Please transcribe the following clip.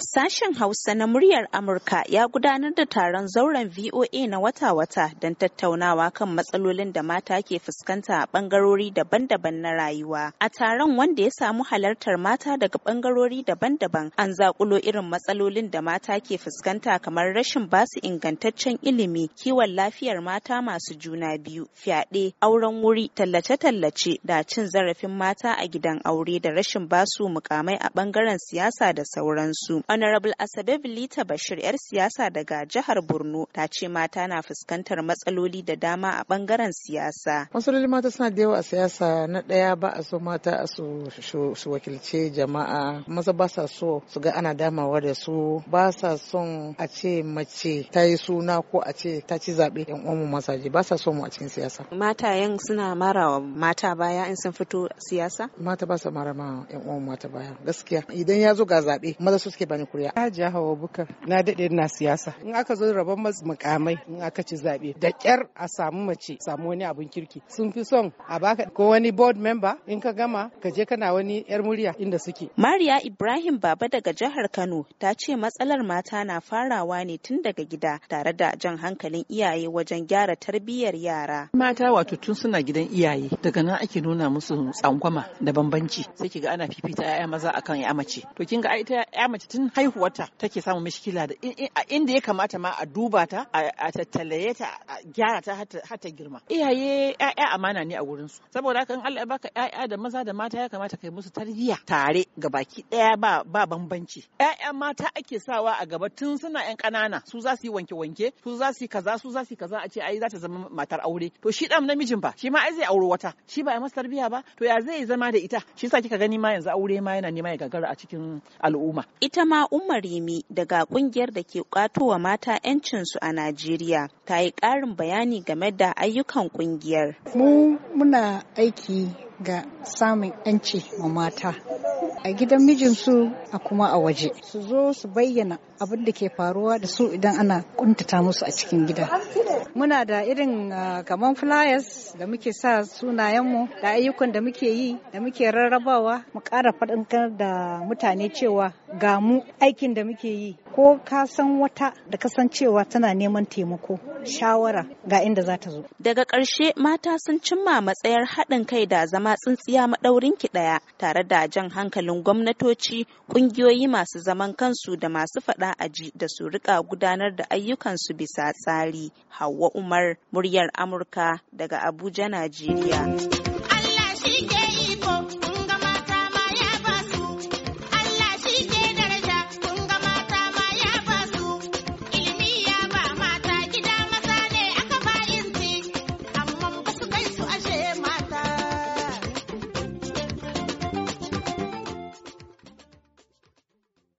Sashen Hausa na muryar Amurka ya gudanar da taron zauren VOA na wata-wata don tattaunawa kan matsalolin da mata ke fuskanta a bangarori daban-daban na rayuwa. A taron wanda ya samu halartar mata daga bangarori daban-daban an zakulo irin matsalolin da mata ke fuskanta kamar rashin basu ingantaccen ilimi, kiwon lafiyar mata masu juna biyu, fyaɗe, auren wuri, tallace-tallace da cin zarafin mata a gidan aure da rashin basu mukamai a bangaren siyasa da sauransu. Honorable Asabe Bilita Bashir 'yar siyasa daga jihar Borno ta ce mata na fuskantar matsaloli da dama a bangaren siyasa. Matsaloli mata suna da yawa a siyasa na ɗaya ba a so mata a su su wakilce jama'a maza ba sa so su ga ana damawa da su ba sa son a ce mace ta yi suna ko a ce ta ci zaɓe yan uwanmu masaje ba sa so mu a cikin siyasa. Matayen suna wa mata baya in sun fito siyasa? Mata ba sa mara ma yan uwanmu mata baya gaskiya idan ya zo ga zaɓe maza su suke ba bani kuriya hajiya hawa bukar na daɗe na siyasa in aka zo rabon mukamai in aka ci zaɓe da ƙyar a samu mace samu wani abun kirki sun fi son a baka ko wani board member in ka gama ka je kana wani yar murya inda suke mariya ibrahim baba daga jihar kano ta ce matsalar mata na farawa ne tun daga gida tare da jan hankalin iyaye wajen gyara tarbiyyar yara mata wato tun suna gidan iyaye daga nan ake nuna musu tsangwama da bambanci sai ga ana fifita 'ya'ya maza akan 'ya mace to ga ai ta 'ya mace tun haihuwarta take samun mishkila da a inda ya kamata ma a duba ta a tattalaye ta a gyara ta har ta girma iyaye ƴaƴa amana ne a wurin su saboda haka in Allah ya baka ƴaƴa da maza da mata ya kamata kai musu tarbiyya tare ga baki ɗaya ba bambanci ƴaƴa mata ake sawa a gaba tun suna ƴan ƙanana su za su yi wanke wanke su za su yi kaza su za su yi kaza a ce ai za ta zama matar aure to shi ɗan namijin ba shi ma ai zai auri wata shi ba ya masa tarbiyya ba to ya zai zama da ita shi sa kika gani ma yanzu aure ma yana neman ya gagara a cikin al'umma ita ma Fatima Umar Yemi daga kungiyar da ke kwatowa mata 'yancinsu a Najeriya ta yi ƙarin bayani game da ayyukan kungiyar. Mu muna aiki ga samun 'yanci ma mata a gidan mijinsu a kuma a waje su zo su bayyana abin da ke faruwa da su idan ana kuntata musu a cikin gida muna da irin ah, kaman flyers da muke sa sunayenmu da ayyukan da muke yi da muke rarrabawa mu ƙara faɗin da mutane cewa ga mu aikin da muke yi ko ka san wata da kasancewa tana neman taimako shawara ga inda za ta zo. Daga ƙarshe mata sun cimma matsayar haɗin kai da zama tsintsiya maɗaurin ki ɗaya tare da jan hankalin gwamnatoci, ƙungiyoyi masu zaman kansu da masu faɗa aji da su riƙa gudanar da ayyukansu bisa tsari. Hauwa Umar, muryar Amurka daga Abuja, Najeriya.